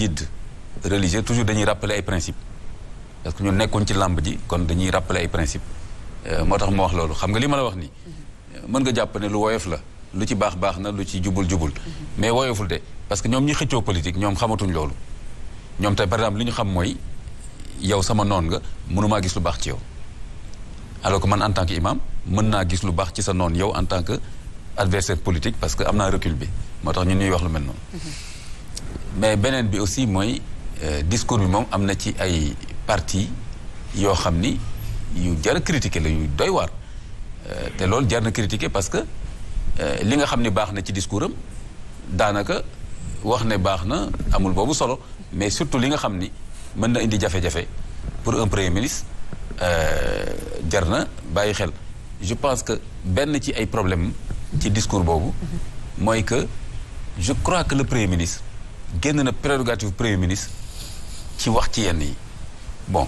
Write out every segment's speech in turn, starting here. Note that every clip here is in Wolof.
guide religieux toujours dañuy rappeler ay principe parce que ñu nekkoon ci làmb ji kon dañuy rappeler ay principe euh, moo tax ma wax loolu xam nga li ma la wax nii euh, mën nga jàpp ne lu woyof la lu ci baax baax na lu ci jubul jubul mais woyoful de parce que ñoom ñi xëccoo politique ñoom xamatuñ loolu ñoom tey par exemple lu ñu xam mooy yow sama noon nga mënumaa gis lu baax ci yow alors que man en tant que imam mën naa gis lu baax ci sa noon yow en tant que adversaire politique parce que am naa recul bi moo tax ñun ñuy wax lu mel noonu mais beneen bi aussi mooy euh, discours bi moom am na ci ay parti yoo xam ni yu jar a critiquer la yu doy waar euh, te loolu jar na critiquer parce que euh, li nga xam ni baax na ci discours am daanaka wax ne baax na amul boobu solo mais surtout li nga xam ni mën na indi jafe-jafe pour un premier ministre jar na bàyyi xel je pense que benn ci ay problème ci discours boobu mooy que je crois que le premier ministre génn na prérogative premier ministre ci wax ci yenn yi bon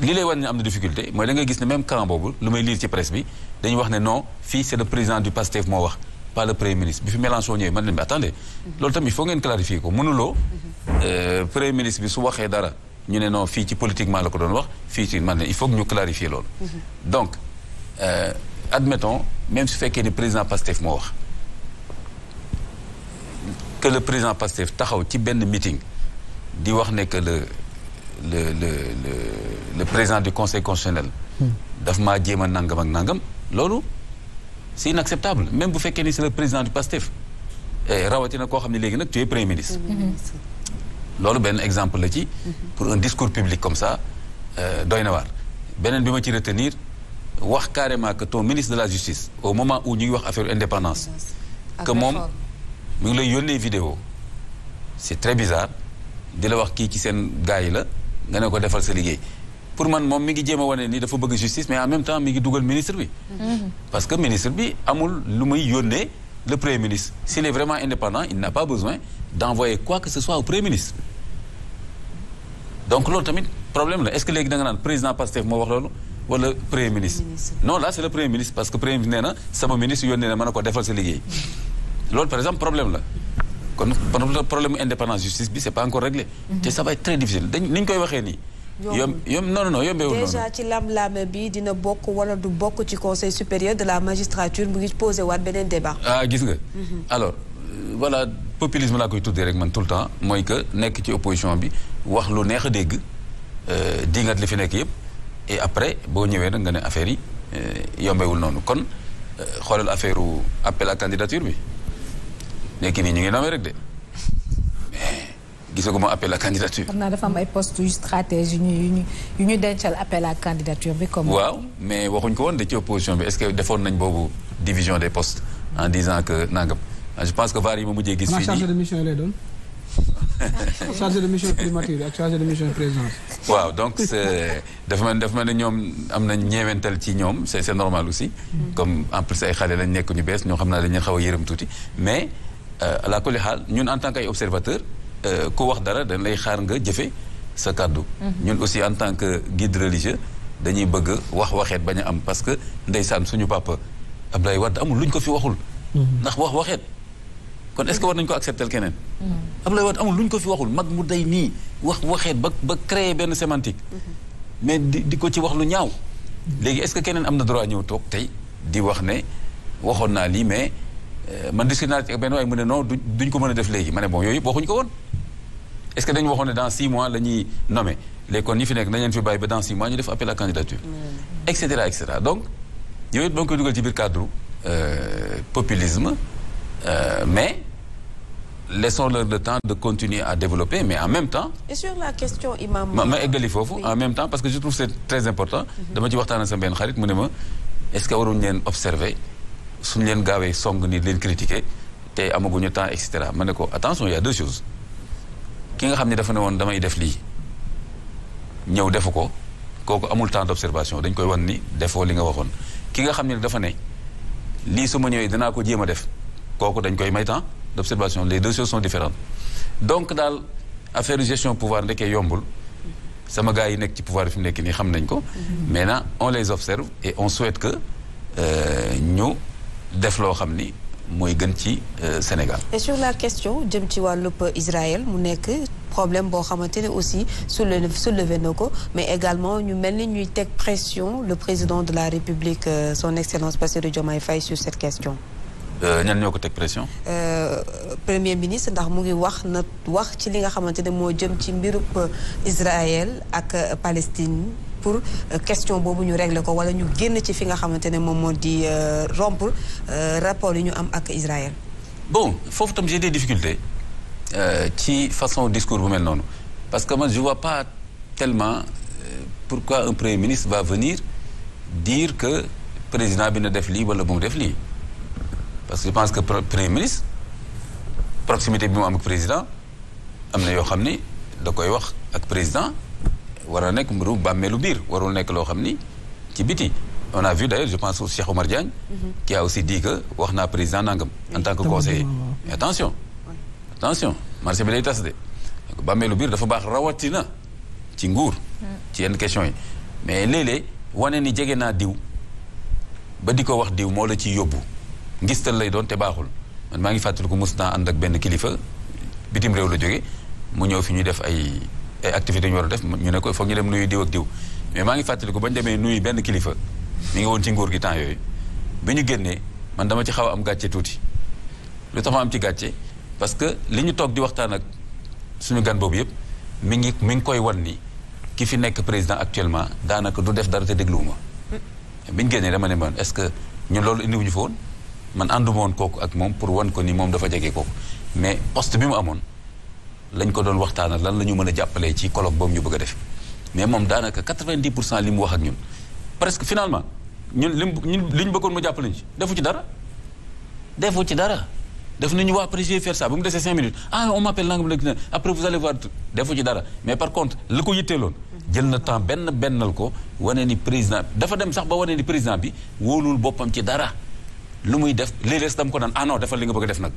li lay wan ne am na difficulté mooy da ngay gis ne même camp boobu lu may lire ci presse bi dañuy wax ne no fii c'est le président du PASTEF moo wax pas le premier ministre bi fi Mélenchon ñëwee man leen bi attendez loolu tamit il faut ngeen clarifier ko mënuloo euh, premier ministre bi su waxee dara ñu ne non fii ci politiquement la ko doon wax fii ci man il faut que ñu clarifier loolu mhm. donc euh, admettons même su fekkee ni président PASTEF moo wax que le président Pastef taxaw ci benn meeting di wax ne que le le le le le président du conseil constitutionnel. Hmm. daf maa jéem a nangam ak nangam loolu c'est inacceptable même bu fekkee ni c'est le président du Pastef rawatina koo xam ne léegi nag tu es premier ministre. Hmm. loolu benn exemple la ci. Hmm. pour un discours public comme ça euh, doy na waar. beneen bi ma ci retenir wax carrément que ton ministre de la justice au moment où ñuy wax affaire indépendance. que moom mu ngi lay yónnee vidéo c'est très bizarre di la wax kii ci seen gars yi la nga ne ko defal sa liggéey pour man moom mi ngi jéem a wane ni dafa bëgg justice mais en même temps mi ngi dugal ministre bi. Mm-hmm. parce que ministre bi amul lu muy yónnee le premier ministre s'il est vraiment indépendant il n'a pas besoin d'envoyer quoi que ce soit au premier ministre. donc loolu tamit problème la est-ce que léegi da nga naan président Pastef moo wax loolu wala premier que premier ministre nee na sama ministre yónnee na mën a ko defal sa liggéey. loolu par exemple problème la kon problème indépendance justice bi c'est pas encore réglé mhm. te ça très difficile dañ ni koy waxee nii yom yom non non yombeewul noonu déjà lam-laame bi dina bokk bokk ci conseil supérieur de la magistrature mu ngi posé waat beneen débat ah gis nga mhm. alors euh, voilà populisme koy tuddee rek man tout le temps mooy que nekk ci opposition bi wax lu neex a dégg euh, dingat li fi nekk yëpp et boo ñëwee nag nga ne affaire yi euh, yombewul noonu kon xoolal affaire appel à candidature bi léegi nii ñu ngi nommé rek de mais gisaguma appel à candidature. xam naa dafa am ay postes yu yu ñu yu ñu dencal appel à candidature bi comme. waaw mais waxuñ ko woon de ci opposition bi est-ce que defoon nañ boobu division des post en disant que nangam ah, je pense que vaar yi ma mujjee gis. fii chargé de mission lay waaw donc dafa ma dafa mel ne ñoom am nañ ñeewental ci ñoom c'est c'est normal aussi. Mm-hmm. comme en plus ay xale lañ nekk ñu bees ñoo xam naa dañu xaw a yërëm tuuti mais. Euh, la kulli xaal ñun en tant que ay observateur euh, ku wax dara dañ lay xaar nga jëfe sa kàddu mhm. ñun aussi en tant que guide religieux dañuy bëgg wax waxeet bañ a am parce que ndeysaan suñu papa Abdoulaye Wade amul lu ñu ko fi waxul mhm. ndax wax waxeet kon est-ce que war nañ ko accepter keneen mhm. Abdoulaye Wade amul lu ñu ko fi waxul mag mu day nii wax waxeet ba ba créer benn sémantique mais di di ko ci wax lu ñaaw léegi est-ce que keneen am na droit ñëw toog tey di wax ne waxoon naa lii mais Euh, man discuté naa ci ak benn waaye mu ne non duñ ko mën a def léegi ma ne bon yooyu yëpp waxuñu ko woon est-ce que dañu waxoon dans six mois la ñuy nommé léegi kon ñi fi nekk nañ leen fi bàyyi ba dans six mois ñu def appel à candidature mm. et cetera et cetera donc yooyu ba nga koy dugal ci biir cadre euh, populisme euh, mais laissons-leur le temps de continuer à développer mais en même temps. et sur la ma eggali foofu en même temps parce que je trouve c'est très important. Mm-hmm. dama ci waxtaan ak sa benn xarit mu ne ma est-ce que waruñu leen observer. suñu leen gaawee song nii leen critiquer te amaguñu temps et ma ne ko attention il y a deux choses ki nga xam ne dafa ne woon damay def lii ñëw defu ko kooku amul temps d'observation dañ koy wan ni defoo li nga waxoon ki nga xam ne dafa ne lii su ma ñëwee danaa ko jéem a def kooku dañ koy may temps d'observation les deux choses sont différentes donc daal affaire gestion pouvoir ndekee yombul sama gars yi nekk ci pouvoir fi mu nekk nii xam nañ ko mhm. maintenant on les observe et on souhaite euh, def loo xam ni mooy gën ci euh, Sénégal. et sur la question jëm ci wàllub Israël mu nekk problème boo xamante ne aussi soulevé soulevé na ko mais également ñu mel ni ñuy teg pression le président de la République euh, son excellence Bassirou Diomaye fay sur cette question. Euh, ñan ñoo ko teg pression. premier ministre ndax mu ngi wax na wax ci li nga xamante ne moo jëm ci mbirub Israël ak Palestine. pour euh, question boobu ñu régler ko wala ñu génn ci fi nga xamante ne moom moo di euh, rompre euh, rapport yi ñu am ak Israël. bon foofu tam j'ai des difficultés ci façon discours bu mel noonu parce que man je vois pas tellement pourquoi un premier ministre va venir dire que président bi na def lii wala bu mu def lii parce que je pense que premier ministre proximité bi mu am ak président am na yoo xam ni da koy wax ak président war a nekk mbiru bàmmeelu biir warul nekk loo xam ni ci biti on a vu d'ailleurs je pense au Cheikh Omar Diagne. Mhm. qui a aussi wax naa président nangam. en tant que conseiller mais attention. attention marché bi day tas de. bàmmeelu biir dafa baax rawatina ci nguur. ci yenn question yi mais léeg-léeg wane ni jege naa diw ba di ko wax diw moo la ci yóbbu ngistal lay doon te baaxul man maa ngi fàttaliku mos naa ànd ak benn kilifa bitim réew la jóge mu ñëw fi ñu def ay. ay activités ñu war a def ñu ne ko il faut ñu dem nuyu diw ak diw mais maa ngi fàttaliku ba ñu demee nuyu benn kilifa mi ngi woon ci nguur gi temps yooyu bi ñu génnee man dama ci xaw a am gàcce tuuti lu tax ma am ci gàcce parce que li ñu toog di waxtaan ak suñu gan boobu yëpp mi ngi mi ngi koy wan ni ki fi nekk président actuellement daanaka du def dara te dégluwuma bi ñu génnee dama ne man est-ce que ñun loolu indiwuñu fa man ànduma woon kooku ak moom pour wan ko ni moom dafa jege kooku mais poste bi mu amoon lañ ko doon waxtaana lan la ñu mën a jàppalee ci colloque boobu ñu bëgg a def mais moom daanaka quatre-vingt-dix pour cent li mu wax ak ñun presque finalement ñun li mu li ñu bëggoon mu jàppale ñu ci defu ci dara defu ci dara def nañu waa après je vais faire ça bu mu defee cinq minutes ah on m'appelle defu ci dara mais par contre la ko yitteeloon jël na temps benn bennal ko wane ni président dafa dem sax ba wane ni président bi wóolul boppam ci dara lu muy def léeg-léeg dama ko naan ah non defal li nga bëgg def nag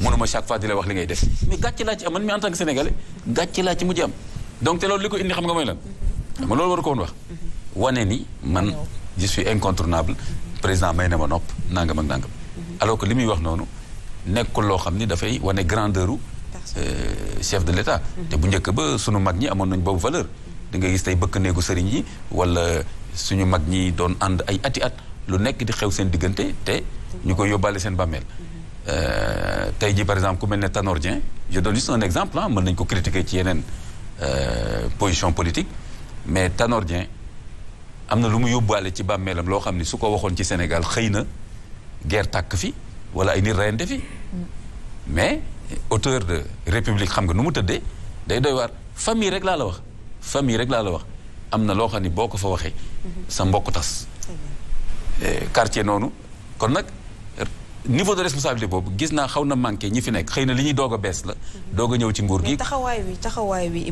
mënuma chaque fois di la wax li ngay def mais gàcce laa ci am man mi en tant que sénégalais gàcce laa ci mujj am donc te loolu li ko indi xam nga mooy lan ma loolu war ko woon wax wane ni man je suis incontournable président may na ma nopp nangam ak nangam alors que li muy wax noonu nekkul loo xam ni dafay wane grandeur u euh, chef de l'état te bu njëkk ba suñu mag ñi amoon nañ boobu valeur da nga gis tey bëkk néegu sëriñ yi wala suñu mag ñi doon ànd ay ati at lu nekk di xew seen diggante te ñu koy yóbbaale seen bàmmeel Euh, tey ji par exemple ku mel ne Tanor Dieng je donne juste un exemple ah mën nañu ko critiquer ci yeneen euh, position politique mais Tanor Dieng am na lu mu yóbbaale ci bàmmeelam loo xam ne su ko waxoon ci Sénégal xëy na guerre tàkk fi wala ay nit reyante fi mais auteur de république xam nga nu mu tëddee day doy waar famille rek laa la wax famille rek laa la wax am na loo xam ne boo ko fa waxee sa mbokk tas quartier noonu kon nag niveau de responsabilité boobu gis naa xaw na manqué ñi fi nekk xëy na li ñuy doog a bees la. Mm-hmm. doog a ñëw ci nguur gi taxawaay wi taxawaay wi.